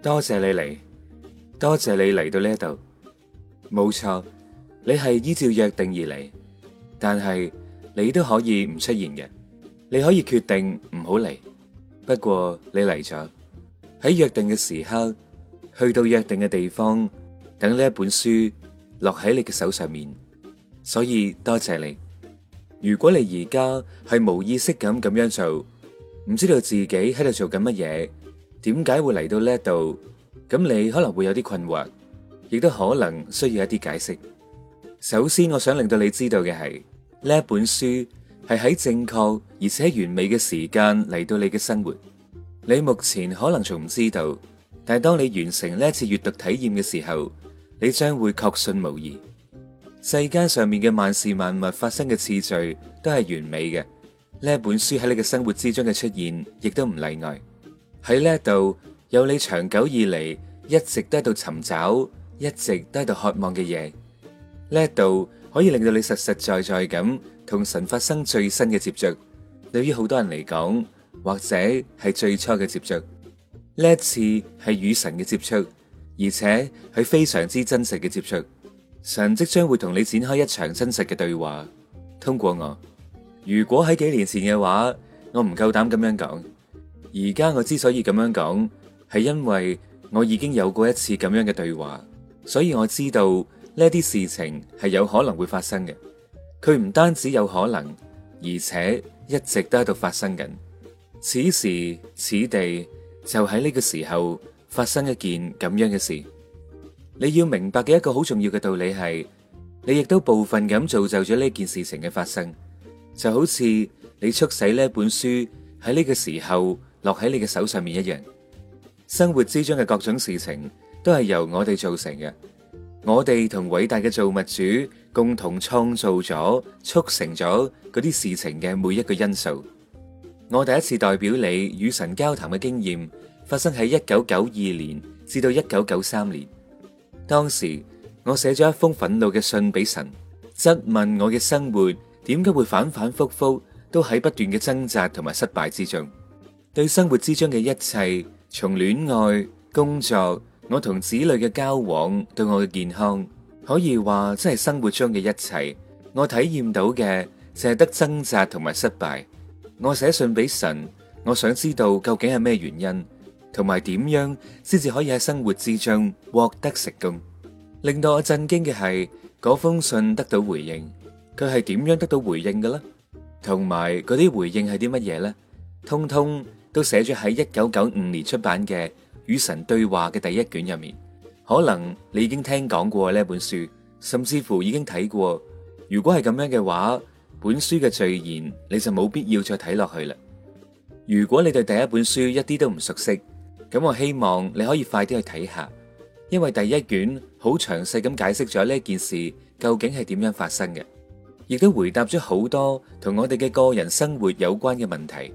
多謝你嚟，多謝你嚟到呢一度，冇錯，你係依照約定而嚟，但係你都可以唔出現嘅，你可以決定唔好嚟。不過你嚟咗，喺約定嘅時刻，去到約定嘅地方，等呢一本書落喺你嘅手上面。所以多謝你。如果你而家係冇意識咁咁樣做，唔知道自己喺度做緊乜嘢。點解會嚟到呢度？咁你可能會有啲困惑，亦都可能需要一啲解釋。首先，我想令到你知道嘅係呢本書係喺正確而且完美嘅時間嚟到你嘅生活。你目前可能仲唔知道，但係當你完成呢次閱讀體驗嘅時候，你將會確信無疑。世間上面嘅萬事萬物發生嘅次序都係完美嘅。呢本書喺你嘅生活之中嘅出現，亦都唔例外。喺呢一度有你長久以來一直都喺度尋找，一直都喺度渴望嘅嘢。呢一度可以令到你實實在在咁同神發生最新嘅接觸。對於好多人嚟講，或者係最初嘅接觸。呢一次係與神嘅接觸，而且係非常之真實嘅接觸。神即將會同你展開一場真實嘅對話。通過我，如果喺幾年前嘅話，我唔夠膽咁樣講。而家我之所以咁樣講，係因為我已經有過一次咁樣嘅對話，所以我知道呢啲事情係有可能會發生嘅。佢唔單止有可能，而且一直都喺度發生緊。此時此地就喺呢個時候發生一件咁樣嘅事。你要明白嘅一個好重要嘅道理係，你亦都部分咁造就咗呢件事情嘅發生，就好似你促使呢本書喺呢個時候。落喺你嘅手上面一樣，生活之中嘅各種事情都係由我哋造成嘅。我哋同偉大嘅造物主共同創造咗，促成咗嗰啲事情嘅每一個因素。我第一次代表你與神交談嘅經驗發生喺一九九二年至到一九九三年。當時我寫咗一封憤怒嘅信俾神，質問我嘅生活點解會反反復復都喺不斷嘅掙扎同埋失敗之中。對生活之中嘅一切，從戀愛、工作，我同子女嘅交往，對我嘅健康，可以話真係生活中嘅一切，我體驗到嘅淨係得掙扎同埋失敗。我寫信俾神，我想知道究竟係咩原因，同埋點樣先至可以喺生活之中獲得成功。令到我震驚嘅係，嗰封信得到回應，佢係點樣得到回應嘅咧？同埋嗰啲回應係啲乜嘢咧？通通。都寫咗喺一九九五年出版嘅《與神對話》嘅第一卷入面，可能你已經聽講過呢本書，甚至乎已經睇過。如果係咁樣嘅話，本書嘅序言你就冇必要再睇落去啦。如果你對第一本書一啲都唔熟悉，咁我希望你可以快啲去睇下，因為第一卷好詳細咁解釋咗呢件事究竟係點樣發生嘅，亦都回答咗好多同我哋嘅個人生活有關嘅問題。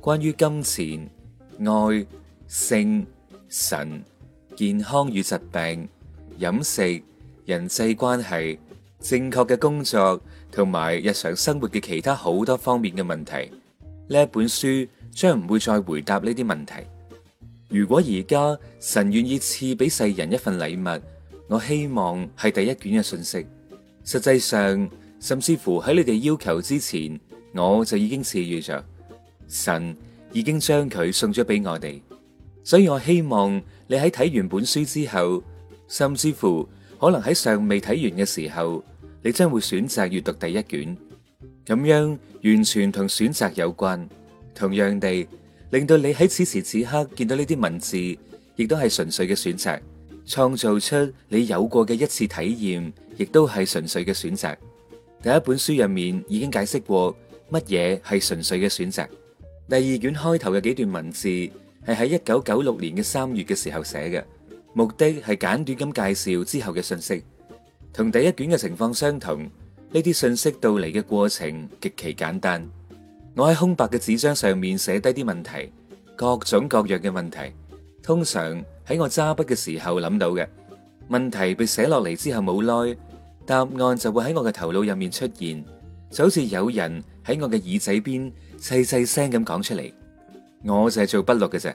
關於金錢、愛、性、神、健康與疾病、飲食、人際關係、正確嘅工作同埋日常生活嘅其他好多方面嘅問題，呢本書將唔會再回答呢啲問題。如果而家神願意賜俾世人一份禮物，我希望係第一卷嘅信息。實際上，甚至乎喺你哋要求之前，我就已經賜予咗。神已經將佢送咗俾我哋，所以我希望你喺睇完本書之後，甚至乎可能喺尚未睇完嘅時候，你將會選擇閱讀第一卷。咁樣完全同選擇有關，同樣地令到你喺此時此刻見到呢啲文字，亦都係純粹嘅選擇，創造出你有過嘅一次體驗，亦都係純粹嘅選擇。第一本書入面已經解釋過乜嘢係純粹嘅選擇。第二卷開頭嘅幾段文字係喺一九九六年嘅三月嘅時候寫嘅，目的係簡短咁介紹之後嘅信息，同第一卷嘅情況相同。呢啲信息到嚟嘅過程極其簡單。我喺空白嘅紙張上面寫低啲問題，各種各樣嘅問題，通常喺我揸筆嘅時候諗到嘅問題被寫落嚟之後冇耐，答案就會喺我嘅頭腦入面出現，就好似有人喺我嘅耳仔邊細細聲咁講出嚟，我就係做筆錄嘅啫。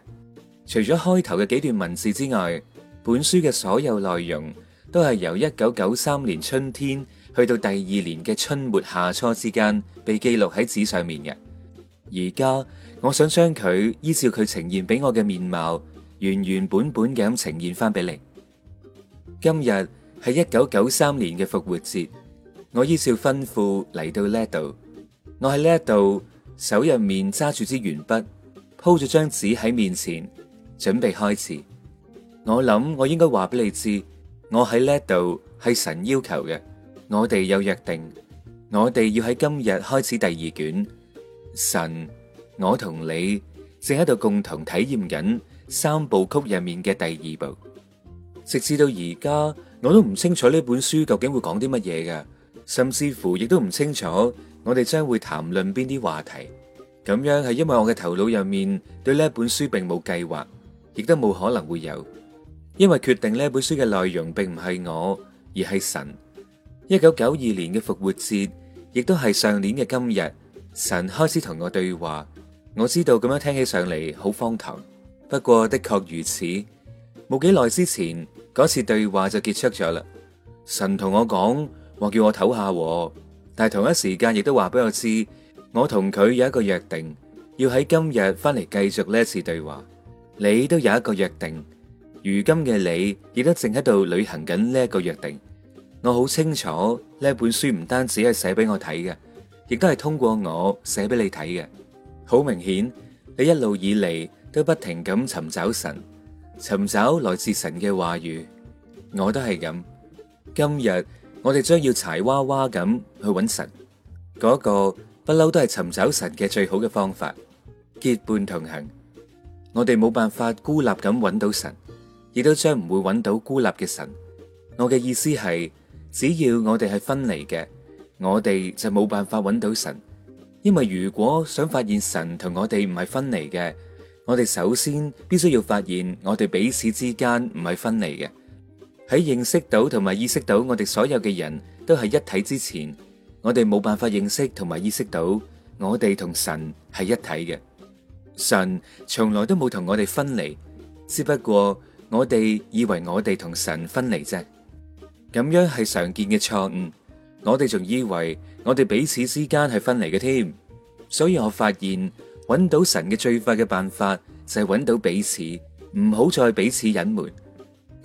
除咗開頭嘅幾段文字之外，本書嘅所有內容都係由一九九三年春天去到第二年嘅春末夏初之間被記錄喺紙上面嘅。而家我想將佢依照佢呈現俾我嘅面貌，原原本本咁呈現翻俾你。今日係一九九三年嘅復活節，我依照吩咐嚟到呢度，我喺呢一度。手入面揸住支鉛筆，鋪咗張紙喺面前，準備開始。我諗我應該話俾你知，我喺呢度係神要求嘅，我哋有約定，我哋要喺今日開始第二卷。神，我同你正喺度共同體驗緊三部曲入面嘅第二部，直至到而家，我都唔清楚呢本書究竟會講啲乜嘢㗎，甚至乎亦都唔清楚。我哋將會談論邊啲話題，咁樣係因為我嘅頭腦入面對呢本書並冇計劃，亦都冇可能會有，因為決定呢本書嘅內容並唔係我，而係神。一九九二年嘅復活節，亦都係上年嘅今日，神開始同我對話。我知道咁樣聽起上嚟好荒唐，不過的確如此。冇幾耐之前，嗰次對話就結束咗啦。神同我講，話叫我唞下。但係同一時間亦都話俾我知，我同佢有一個約定，要喺今日翻嚟繼續呢次對話。你都有一個約定，如今嘅你亦都正喺度履行緊呢一個約定。我好清楚呢本書唔單止係寫俾我睇嘅，亦都係通過我寫俾你睇嘅。好明顯，你一路以嚟都不停咁尋找神，尋找來自神嘅話語。我都係咁，今日。我哋將要柴娃娃咁去揾神，嗰個不嬲都係尋找神嘅最好嘅方法。結伴同行，我哋冇辦法孤立咁揾到神，亦都將唔會揾到孤立嘅神。我嘅意思係，只要我哋係分離嘅，我哋就冇辦法揾到神。因為如果想發現神同我哋唔係分離嘅，我哋首先必須要發現我哋彼此之間唔係分離嘅。喺認識同埋意識到我哋所有嘅人都係一體之前，我哋冇辦法認識到同埋意識到我哋同神係一體嘅。神從來都冇同我哋分離，只不過我哋以為我哋同神分離啫。咁樣係常見嘅錯誤。我哋仲以為我哋彼此之間係分離嘅添。所以我發現，揾到神嘅最快嘅辦法就係揾到彼此，唔好再彼此隱瞞。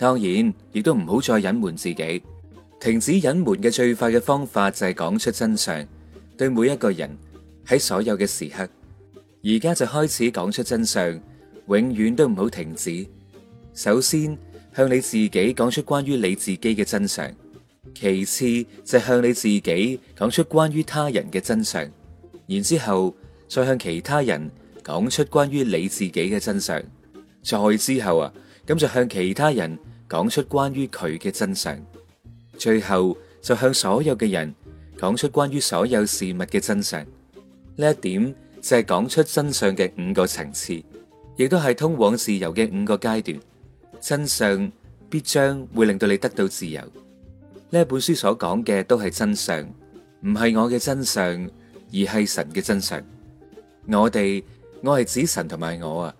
當然，亦都唔好再隱瞞自己。停止隱瞞嘅最快嘅方法就係講出真相。對每一個人喺所有嘅時刻，而家就開始講出真相，永遠都唔好停止。首先向你自己講出關於你自己嘅真相，其次就係向你自己講出關於他人嘅真相，然之後再向其他人講出關於你自己嘅真相，再之後啊。咁就向其他人講出關於佢嘅真相，最後就向所有嘅人講出關於所有事物嘅真相。呢一點就係講出真相嘅五個層次，亦都係通往自由嘅五個階段。真相必將會令到你得到自由。呢本書所講嘅都係真相，唔係我嘅真相，而係神嘅真相。我哋我係指神同埋我啊。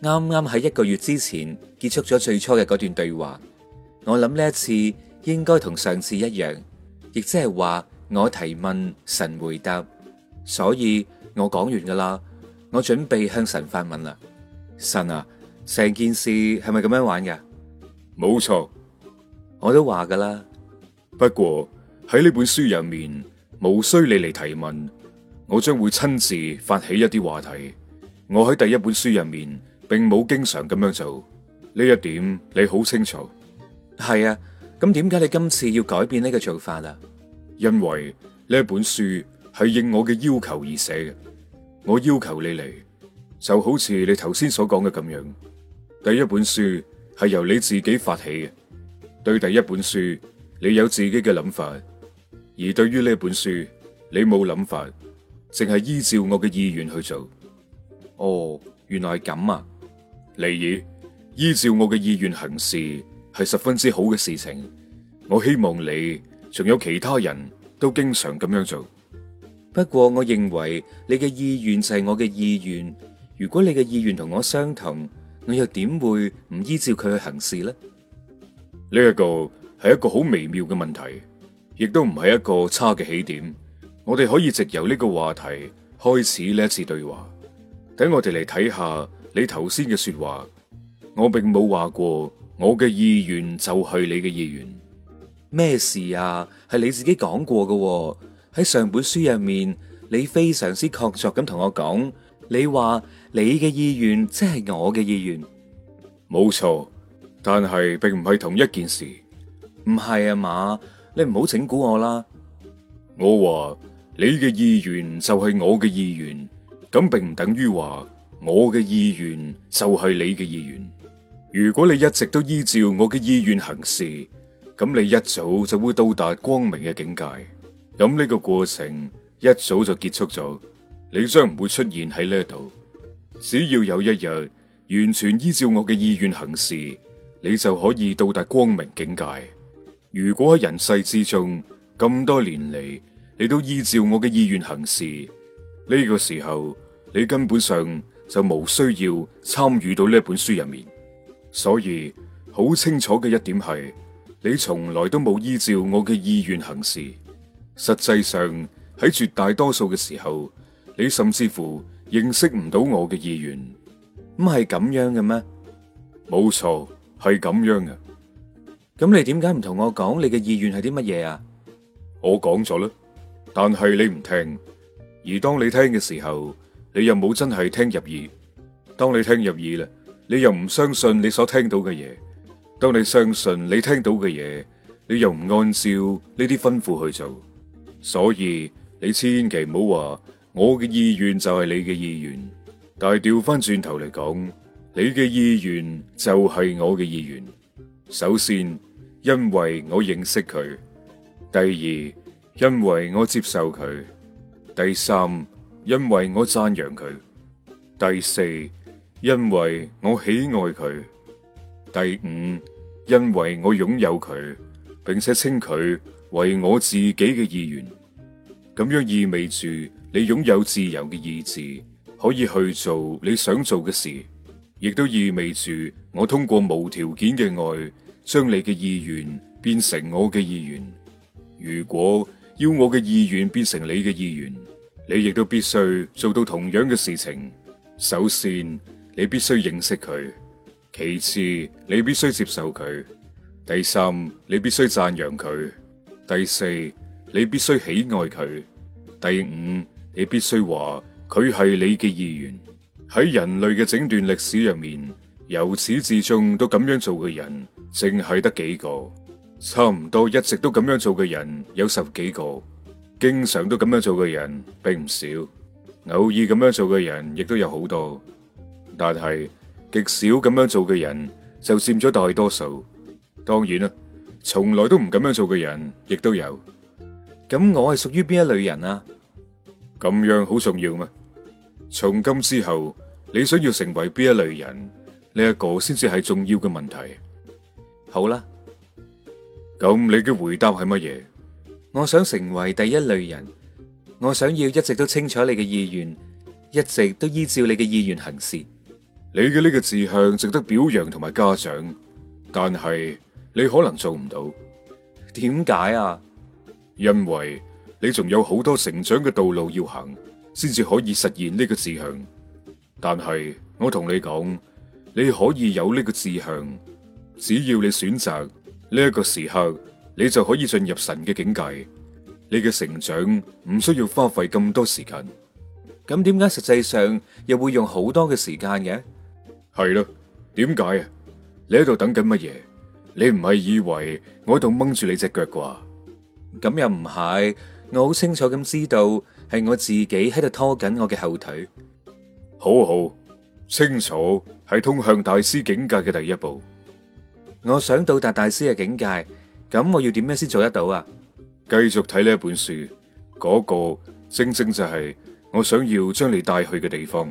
啱啱喺一個月之前結束咗最初嘅嗰段對話，我諗呢一次應該同上次一樣，亦即係話我提問，神回答，所以我講完噶啦，我準備向神發問啦。神啊，成件事係咪咁樣玩噶？冇錯，我都話噶啦。不過喺呢本書入面，無需你嚟提問，我將會親自發起一啲話題。我喺第一本書入面，並冇經常咁樣做，呢一點你好清楚。係啊，咁點解你今次要改變呢個做法啊？因為呢一本書係應我嘅要求而寫嘅。我要求你嚟，就好似你頭先所講嘅咁樣。第一本書係由你自己發起嘅，對第一本書你有自己嘅諗法，而對於呢本書你冇諗法，淨係依照我嘅意願去做。哦，原來係咁啊！例如依照我嘅意願行事係十分之好嘅事情，我希望你仲有其他人都經常咁樣做。不過我認為你嘅意願就係我嘅意願，如果你嘅意願同我相同，我又點會唔依照佢去行事呢？呢一個係一個好微妙嘅問題，亦都唔係一個差嘅起點。我哋可以直由呢個話題開始呢一次對話，等我哋嚟睇下。你頭先嘅說話，我並冇話過，我嘅意願就係你嘅意願。咩事啊？係你自己講過噶喎。喺上本書入面，你非常之確鑿咁同我講，你話你嘅意願即係我嘅意願。冇錯，但係並唔係同一件事。唔係啊，嘛，你唔好整蠱我啦。我話你嘅意願就係我嘅意願，咁並唔等於話。我嘅意願就係、是、你嘅意願。如果你一直都依照我嘅意願行事，咁你一早就會到達光明嘅境界。咁呢個過程一早就結束咗，你將唔會出現喺呢度。只要有一日完全依照我嘅意願行事，你就可以到達光明境界。如果喺人世之中咁多年嚟，你都依照我嘅意願行事，呢、這個時候你根本上。就冇需要參與到呢本書入面，所以好清楚嘅一點係，你從來都冇依照我嘅意願行事。實際上喺絕大多數嘅時候，你甚至乎認識唔到我嘅意願。唔係咁樣嘅咩？冇錯，係咁樣嘅。咁你點解唔同我講你嘅意願係啲乜嘢啊？我講咗啦，但係你唔聽，而當你聽嘅時候。你又冇真係聽入耳，當你聽入耳啦，你又唔相信你所聽到嘅嘢，當你相信你聽到嘅嘢，你又唔按照呢啲吩咐去做，所以你千祈唔好話我嘅意願就係你嘅意願，但係調翻轉頭嚟講，你嘅意願就係我嘅意願。首先，因為我認識佢；第二，因為我接受佢；第三。因為我讚揚佢，第四，因為我喜愛佢，第五，因為我擁有佢，並且稱佢為我自己嘅意願。咁樣意味住你擁有自由嘅意志，可以去做你想做嘅事，亦都意味住我通過無條件嘅愛，將你嘅意願變成我嘅意願。如果要我嘅意願變成你嘅意願。你亦都必須做到同樣嘅事情。首先，你必須認識佢；其次，你必須接受佢；第三，你必須讚揚佢；第四，你必須喜愛佢；第五，你必須話佢係你嘅意願。喺人類嘅整段歷史入面，由始至終都咁樣做嘅人，淨係得幾個。差唔多一直都咁樣做嘅人，有十幾個。經常都咁樣做嘅人並唔少，偶爾咁樣做嘅人亦都有好多，但係極少咁樣做嘅人就佔咗大多數。當然啦，從來都唔咁樣做嘅人亦都有。咁我係屬於邊一類人啊？咁樣好重要咩？從今之後，你想要成為邊一類人呢一個先至係重要嘅問題。好啦，咁你嘅回答係乜嘢？我想成為第一類人，我想要一直都清楚你嘅意願，一直都依照你嘅意願行事。你嘅呢個志向值得表揚同埋嘉獎，但係你可能做唔到。點解啊？因為你仲有好多成長嘅道路要行，先至可以實現呢個志向。但係我同你講，你可以有呢個志向，只要你選擇呢一個時刻。你就可以進入神嘅境界，你嘅成長唔需要花費咁多時間。咁點解實際上又會用好多嘅時間嘅？係咯，點解啊？你喺度等緊乜嘢？你唔係以為我喺度掹住你隻腳啩？咁又唔係，我好清楚咁知道係我自己喺度拖緊我嘅後腿。好好，清楚係通向大師境界嘅第一步。我想到達大師嘅境界。咁我要點樣先做得到啊？繼續睇呢一本書，嗰個正正就係我想要將你帶去嘅地方。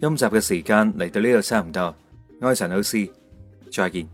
今集嘅時間嚟到呢度差唔多，我係陳老師再見。